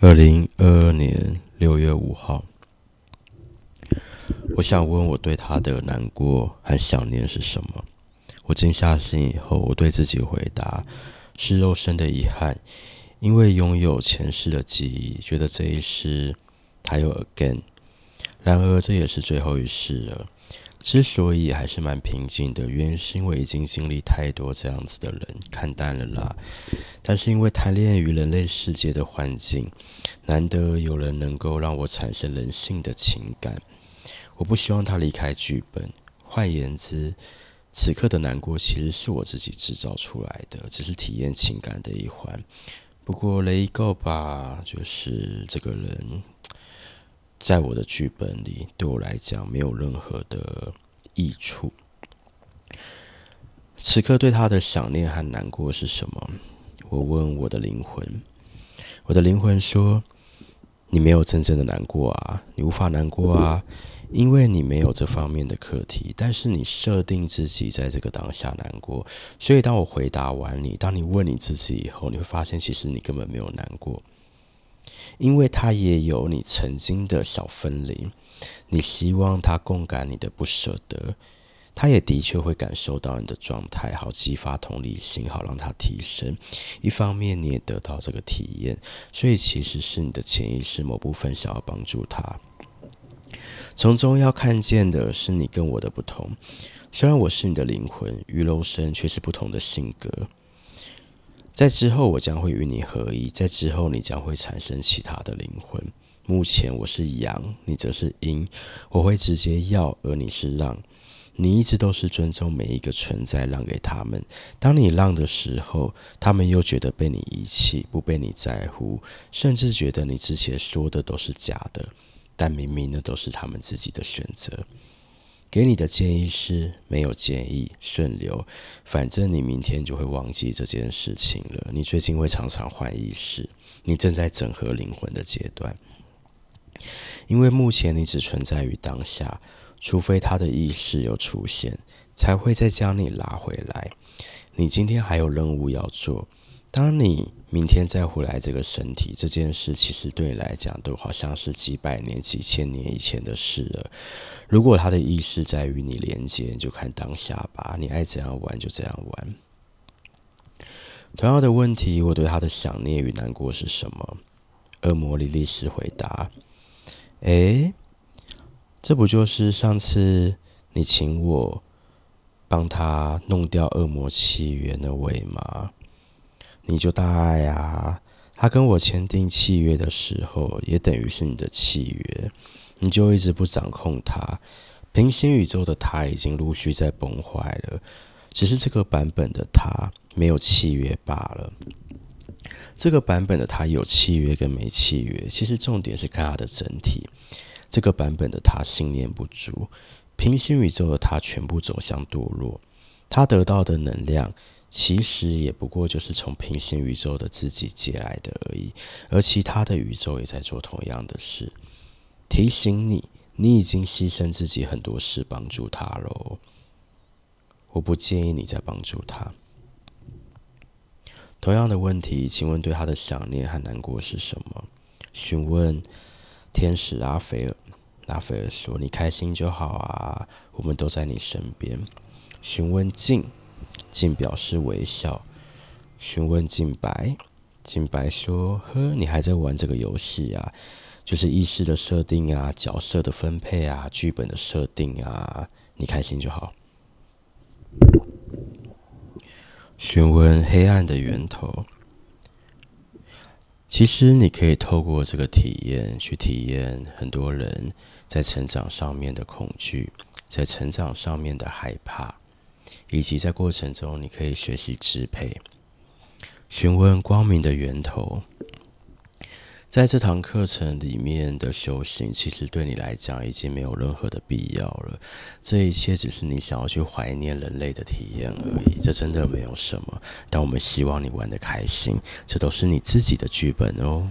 二零二二年六月五號，我想問我對他的難過和想念是什麼？我靜下心以後，我對自己回答：是肉身的遺憾，因為擁有前世的記憶，覺得這一世還有 again，然而這也是最後一世了。之所以還是蠻平靜的，原因是因為已經經歷太多這樣子的人，看淡了啦。但是因為貪戀於人類世界的環境，難得有人能夠讓我產生人性的情感。我不希望他離開劇本。換言之，此刻的難過其實是我自己制造出來的，只是體驗情感的一環。不過 let go 吧，就是這個人，在我的劇本裡，對我來講沒有任何的益處。此刻對他的想念和難過是什麼？我問我的靈魂，我的靈魂說：“你沒有真正的難過啊，你無法難過啊，因為你沒有這方面的課題。但是你設定自己在這個當下難過，所以當我回答完你，當你問你自己以後，你會發現其實你根本沒有難過，因為他也有你曾經的小分離，你希望他共感你的不捨得。”他也的確會感受到你的狀態，好激發同理心，好讓他提升。一方面，你也得到這個體驗，所以其實是你的潛意識某部分想要幫助他。從中要看見的是你跟我的不同，雖然我是你的靈魂，與肉身卻是不同的性格。在之後，我將會與你合一；在之後，你將會產生其他的靈魂。目前我是陽，你則是陰，我會直接要，而你是讓。你一直都是尊重每一個存在，讓給他們。當你讓的時候，他們又覺得被你遺棄，不被你在乎，甚至覺得你之前說的都是假的。但明明那都是他們自己的選擇。給你的建議是沒有建議，順流，反正你明天就會忘記這件事情了。你最近會常常換意識，你正在整合靈魂的階段，因為目前你只存在於當下。除非他的意識有出現，才會再將你拉回來。你今天還有任務要做，當你明天再回來這個身體，這件事其實對你來講都好像是幾百年、幾千年以前的事了。如果他的意識在與你連接，就看當下吧。你愛怎樣玩就怎樣玩。同樣的問題，我對他的想念與難過是什麼？惡魔莉莉絲回答：“誒。這不就是上次你請我幫他弄掉惡魔契約那位嗎？你就大愛啊！他跟我簽訂契約的時候，也等於是你的契約，你就一直不掌控他。平行宇宙的他已經陸續在崩壞了，只是這個版本的他沒有契約罷了。這個版本的他有契約跟沒契約，其實重點是看他的整體。這個版本的他信念不足，平行宇宙的他全部走向墮落，他得到的能量其實也不過就是從平行宇宙的自己借來的而已，而其他的宇宙也在做同樣的事。提醒你，你已經犧牲自己很多事幫助他嘍，我不建議你再幫助他。同樣的問題，請問對他的想念和難過是什麼？詢問。天使阿菲爾，阿菲爾說：“你開心就好啊，我們都在你身邊。”詢問靜，靜表示微笑。詢問靜白，靜白說：“呵，你還在玩這個遊戲啊？就是意識的設定啊，角色的分配啊，劇本的設定啊，你開心就好。”詢問黑暗的源頭。其實你可以透過這個體驗去體驗很多人在成長上面的恐懼，在成長上面的害怕，以及在過程中你可以學習支配，詢問光明的源頭。在這堂課程裡面的修行，其實對你來講已經沒有任何的必要了。這一切只是你想要去懷念人類的體驗而已，這真的沒有什麼。但我們希望你玩得開心，這都是你自己的劇本哦。